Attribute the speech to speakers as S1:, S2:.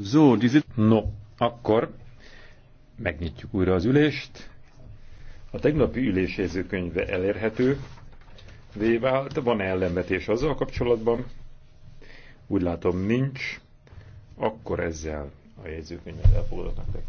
S1: So, diese... No, akkor megnyitjuk újra az ülést. A tegnapi ülésjegyzőkönyve elérhető de Van -e ellenvetés azzal kapcsolatban? Úgy látom nincs. Akkor ezzel a jegyzőkönyvet elfogadottnak